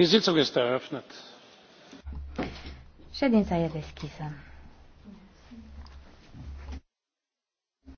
Die Sitzung ist Ședința este deschisă.